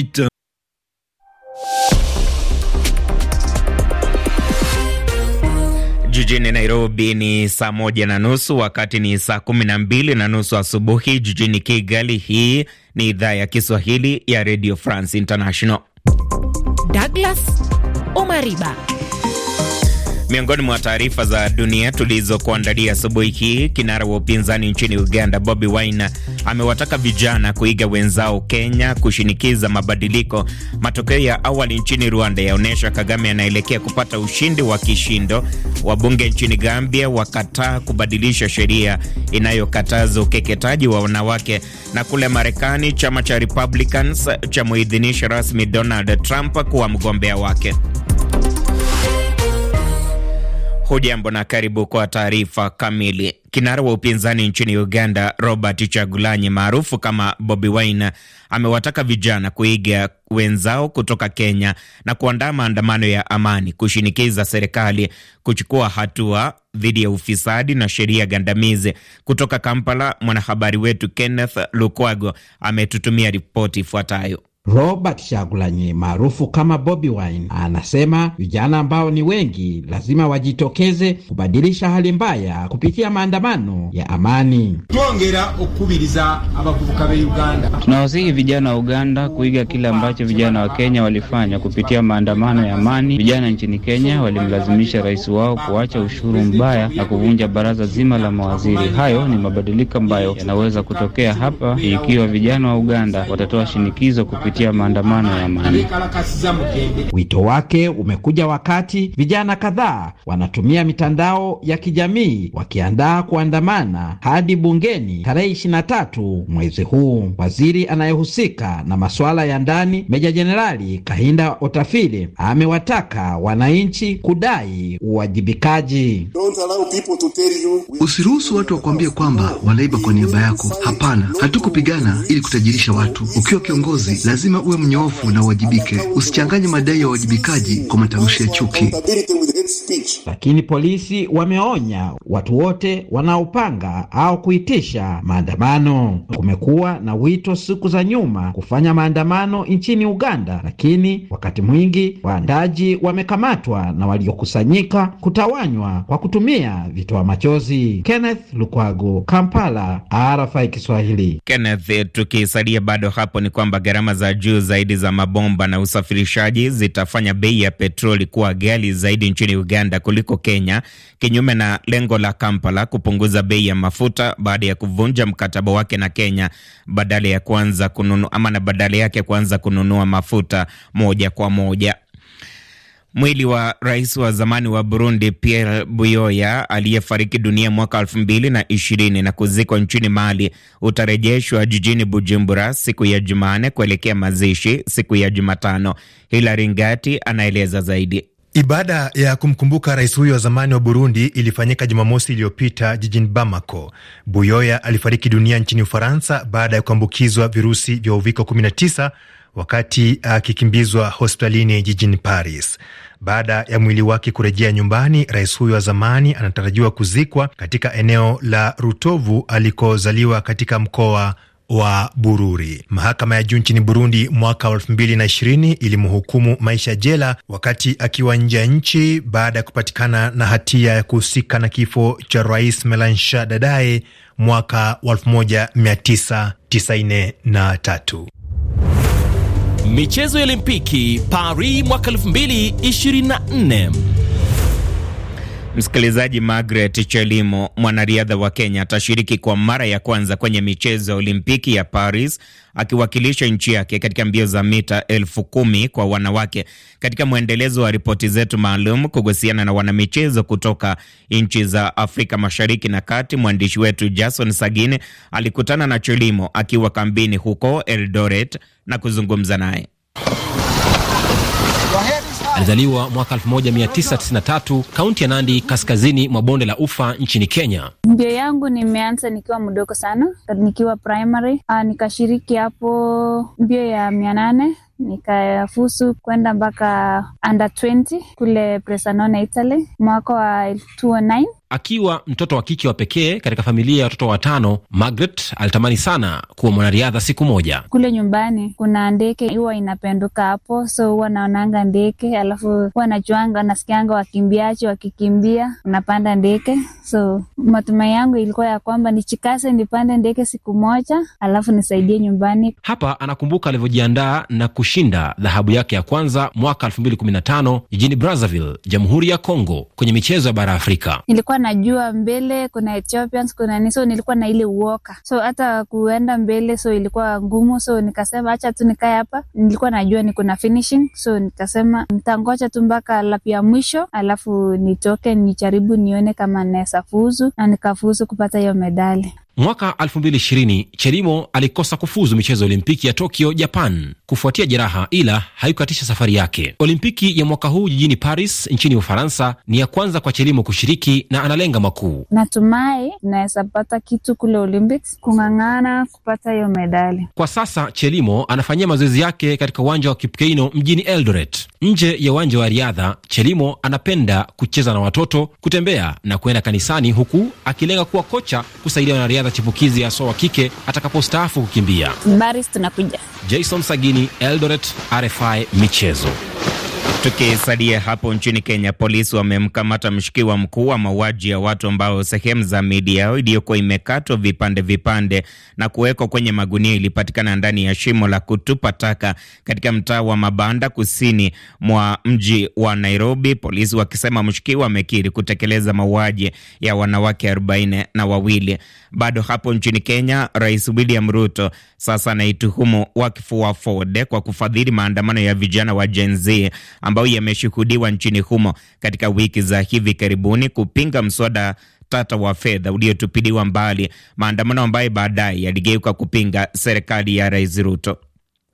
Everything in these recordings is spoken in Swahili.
hit. Jijini Nairobi ni saa moja na nusu wakati ni saa kumi na mbili na nusu asubuhi jijini Kigali. Hii ni idhaa ya Kiswahili ya Radio France International. Douglas Omariba Miongoni mwa taarifa za dunia tulizokuandalia asubuhi hii, kinara wa upinzani nchini Uganda Bobi Wine amewataka vijana kuiga wenzao Kenya kushinikiza mabadiliko. Matokeo ya awali nchini Rwanda yaonyesha Kagame anaelekea kupata ushindi wa kishindo. Wabunge nchini Gambia wakataa kubadilisha sheria inayokataza ukeketaji wa wanawake, na kule Marekani chama cha Republicans chamuidhinisha rasmi Donald Trump kuwa mgombea wake. Hujambo na karibu kwa taarifa kamili. Kinara wa upinzani nchini Uganda, Robert Chagulanyi maarufu kama Bobi Wine, amewataka vijana kuiga wenzao kutoka Kenya na kuandaa maandamano ya amani kushinikiza serikali kuchukua hatua dhidi ya ufisadi na sheria gandamizi. Kutoka Kampala, mwanahabari wetu Kenneth Lukwago ametutumia ripoti ifuatayo. Robert shagulanyi maarufu kama Bobi Wine anasema vijana ambao ni wengi lazima wajitokeze kubadilisha hali mbaya kupitia maandamano ya amani. Tuongera ukubiriza abavubuka be Uganda, tunawasihi vijana wa Uganda kuiga kile ambacho vijana wa Kenya walifanya kupitia maandamano ya amani. Vijana nchini Kenya walimlazimisha rais wao kuacha ushuru mbaya na kuvunja baraza zima la mawaziri. Hayo ni mabadiliko ambayo yanaweza kutokea hapa ikiwa vijana wa Uganda watatoa shinikizo kupitia kupitia maandamano ya amani. Wito wake umekuja wakati vijana kadhaa wanatumia mitandao ya kijamii wakiandaa kuandamana hadi bungeni tarehe tatu mwezi huu. Waziri anayehusika na masuala ya ndani, Meja Jenerali Kahinda otafili amewataka wananchi kudai uwajibikaji. Usiruhusu watu wakuambie kwamba wanaiba kwa niaba yako. Hapana, hatukupigana ili kutajirisha watu. Ukiwa kiongozi lazima uwe mnyofu na uwajibike. Usichanganye madai ya uwajibikaji kwa matamshi ya chuki. Lakini polisi wameonya watu wote wanaopanga au kuitisha maandamano. Kumekuwa na wito siku za nyuma kufanya maandamano nchini Uganda, lakini wakati mwingi waandaji wamekamatwa na waliokusanyika kutawanywa kwa kutumia vitoa machozi. Kenneth Lukwago, Kampala, RFI Kiswahili. Kenneth, tukisalia bado hapo, ni kwamba gharama za juu zaidi za mabomba na usafirishaji zitafanya bei ya petroli kuwa ghali zaidi nchini Uganda kuliko Kenya, kinyume na lengo la Kampala kupunguza bei ya mafuta baada ya kuvunja mkataba wake na Kenya badala ya kuanza kununua ama na badala yake kuanza kununua mafuta moja kwa moja. Mwili wa rais wa zamani wa Burundi Pierre Buyoya aliyefariki dunia mwaka elfu mbili na ishirini na kuzikwa nchini Mali utarejeshwa jijini Bujumbura siku ya Jumane kuelekea mazishi siku ya Jumatano. Hilari Ngati anaeleza zaidi. Ibada ya kumkumbuka rais huyo wa zamani wa Burundi ilifanyika Jumamosi iliyopita jijini Bamako. Buyoya alifariki dunia nchini Ufaransa baada ya kuambukizwa virusi vya Uviko 19 wakati akikimbizwa hospitalini jijini Paris. Baada ya mwili wake kurejea nyumbani, rais huyo wa zamani anatarajiwa kuzikwa katika eneo la Rutovu alikozaliwa katika mkoa wa Bururi. Mahakama ya juu nchini Burundi mwaka wa elfu mbili na ishirini ilimhukumu maisha jela wakati akiwa nje ya nchi baada ya kupatikana na hatia ya kuhusika na kifo cha rais Melansha dadae mwaka wa elfu moja mia tisa tisaini na tatu. Michezo ya Olimpiki Paris mwaka 2024. Msikilizaji, Margaret Chelimo, mwanariadha wa Kenya, atashiriki kwa mara ya kwanza kwenye michezo ya Olimpiki ya Paris akiwakilisha nchi yake katika mbio za mita elfu kumi kwa wanawake. Katika mwendelezo wa ripoti zetu maalum kuhusiana na wanamichezo kutoka nchi za Afrika Mashariki na Kati, mwandishi wetu Jason Sagine alikutana na Chelimo akiwa kambini huko Eldoret na kuzungumza naye. Alizaliwa mwaka 1993 kaunti ya Nandi, kaskazini mwa bonde la Ufa nchini Kenya. Mbio yangu nimeanza nikiwa mdogo sana, nikiwa primary. Aa, ah, nikashiriki hapo mbio ya mia nane nikafusu kwenda mpaka under 20 kule Presanone, Italy mwaka wa 2009. Akiwa mtoto wa kike wa pekee katika familia ya watoto watano, Margaret alitamani sana kuwa mwanariadha siku moja. Kule nyumbani kuna ndeke huwa inapenduka hapo, so huwa naonanga ndeke, alafu huwa najuanga, nasikianga wakimbiaji wakikimbia, unapanda ndeke. So matumai yangu ilikuwa ya kwamba nichikase nipande ndeke siku moja, alafu nisaidie nyumbani. Hapa anakumbuka alivyojiandaa na kushinda dhahabu yake ya kwanza mwaka 2015 jijini Brazzaville, Jamhuri ya Congo, kwenye michezo ya bara Afrika. Nilikuwa najua mbele kuna Ethiopians, kuna nini, so nilikuwa na ile uoka, so hata kuenda mbele so ilikuwa ngumu, so nikasema hacha tu nikae hapa. Nilikuwa najua ni na finishing, so nikasema ntangoja tu mpaka lap ya mwisho, alafu nitoke nijaribu nione kama naweza fuzu, na nikafuzu kupata hiyo medali. Mwaka 2020 Chelimo alikosa kufuzu michezo ya Olimpiki ya Tokyo, Japan, kufuatia jeraha, ila haikukatisha safari yake. Olimpiki ya mwaka huu jijini Paris nchini Ufaransa ni ya kwanza kwa Chelimo kushiriki na analenga makuu. Natumai tunaweza pata kitu kule Olympics, kung'ang'ana kupata hiyo medali. Kwa sasa Chelimo anafanyia mazoezi yake katika uwanja wa Kipkeino mjini Eldoret. Nje ya uwanja wa riadha, Chelimo anapenda kucheza na watoto, kutembea na kuenda kanisani, huku akilenga kuwa kocha kusaidia wanariadha riadha chipukizi haswa wa kike atakapostaafu kukimbia. Baris tunakuja. Jason Sagini, Eldoret, RFI Michezo. Tukisalia hapo nchini Kenya, polisi wamemkamata mshukiwa mkuu wa mauaji ya watu ambao sehemu za miili yao iliyokuwa imekatwa vipande vipande na kuwekwa kwenye magunia ilipatikana ndani ya shimo la kutupa taka katika mtaa wa Mabanda, kusini mwa mji wa Nairobi, polisi wakisema mshukiwa amekiri kutekeleza mauaji ya wanawake arobaini na wawili. Bado hapo nchini Kenya, Rais William Ruto sasa anaituhumu wakfu wa Ford kwa kufadhili maandamano ya vijana wa Gen Z ambayo yameshuhudiwa nchini humo katika wiki za hivi karibuni kupinga mswada tata wa fedha uliotupiliwa mbali, maandamano ambayo baadaye yaligeuka kupinga serikali ya Rais Ruto.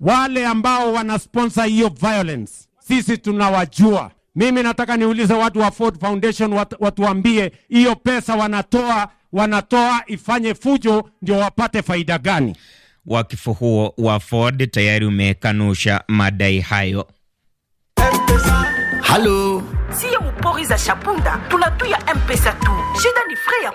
Wale ambao wanasponsa hiyo violence sisi tunawajua. Mimi nataka niulize watu wa Ford Foundation wat, watuambie hiyo pesa wanatoa wanatoa ifanye fujo ndio wapate faida gani? Wakifu huo wa Ford tayari umekanusha madai hayo. Halo siye muporiza shapunda tunatuya mpesa tu shida ni fre ya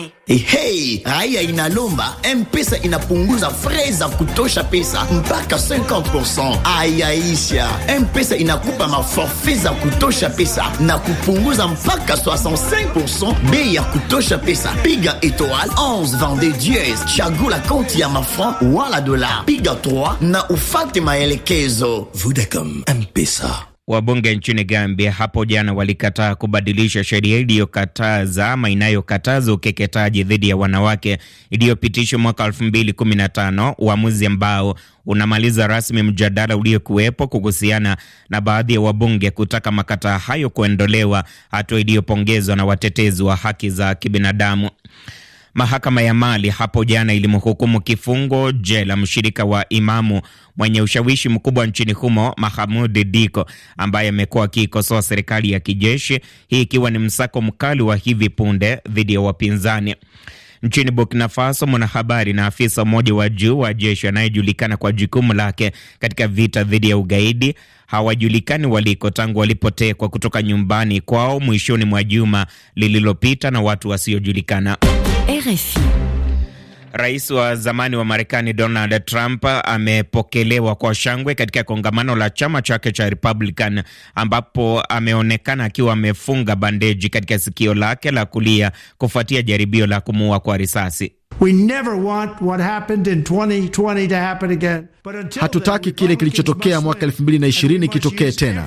eh, Hey hey. haya inalomba mpesa inapunguza fre za kutosha pesa mpaka 50 ayaisha mpesa inakupa maforfe za kutosha pesa na kupunguza mpaka 65 bei ya kutosha pesa piga étoile 11 vende dies chagula konti ya mafran wala dolar piga 3 na ufate maelekezo vodacom mpesa Wabunge nchini Gambia hapo jana walikataa kubadilisha sheria iliyokataza ama inayokataza ukeketaji dhidi ya wanawake iliyopitishwa mwaka 2015, uamuzi ambao unamaliza rasmi mjadala uliokuwepo kuhusiana na baadhi ya wabunge kutaka makataa hayo kuondolewa, hatua iliyopongezwa na watetezi wa haki za kibinadamu. Mahakama ya Mali hapo jana ilimhukumu kifungo jela mshirika wa imamu mwenye ushawishi mkubwa nchini humo Mahamud Diko ambaye amekuwa akiikosoa serikali ya kijeshi, hii ikiwa ni msako mkali wa hivi punde dhidi ya wapinzani. Nchini Burkina Faso, mwanahabari na afisa mmoja wa juu wa jeshi anayejulikana kwa jukumu lake katika vita dhidi ya ugaidi hawajulikani waliko tangu walipotekwa kutoka nyumbani kwao mwishoni mwa juma lililopita na watu wasiojulikana. RFI. Rais wa zamani wa Marekani Donald Trump amepokelewa kwa shangwe katika kongamano la chama chake cha Republican ambapo ameonekana akiwa amefunga bandeji katika sikio lake la kulia kufuatia jaribio la kumuua kwa risasi. Hatutaki kile kilichotokea mwaka 2020 kitokee tena,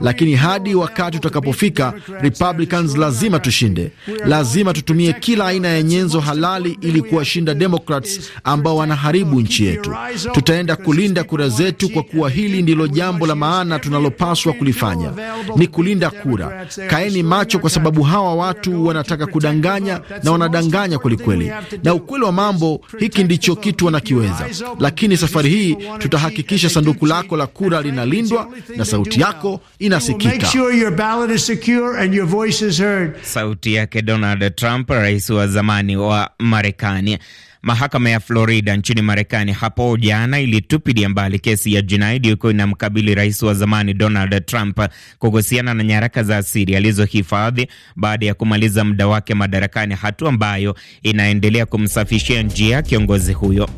lakini hadi wakati utakapofika, Republicans lazima tushinde. Lazima tutumie kila aina ya nyenzo halali ili kuwashinda Democrats ambao wanaharibu nchi yetu. Tutaenda kulinda kura zetu, kwa kuwa hili ndilo jambo la maana tunalopaswa kulifanya, ni kulinda kura. Kaeni macho, kwa sababu hawa watu wanataka kudanganya na wanadanganya kwelikweli na ukweli wa mambo, hiki ndicho kitu wanakiweza. Lakini safari hii tutahakikisha sanduku lako la kura linalindwa na sauti yako inasikika. Sauti yake Donald Trump, rais wa zamani wa Marekani. Mahakama ya Florida nchini Marekani hapo jana ilitupidia mbali kesi ya jinai iliyokuwa inamkabili rais wa zamani Donald Trump kuhusiana na nyaraka za asiri alizohifadhi baada ya kumaliza muda wake madarakani, hatua ambayo inaendelea kumsafishia njia kiongozi huyo.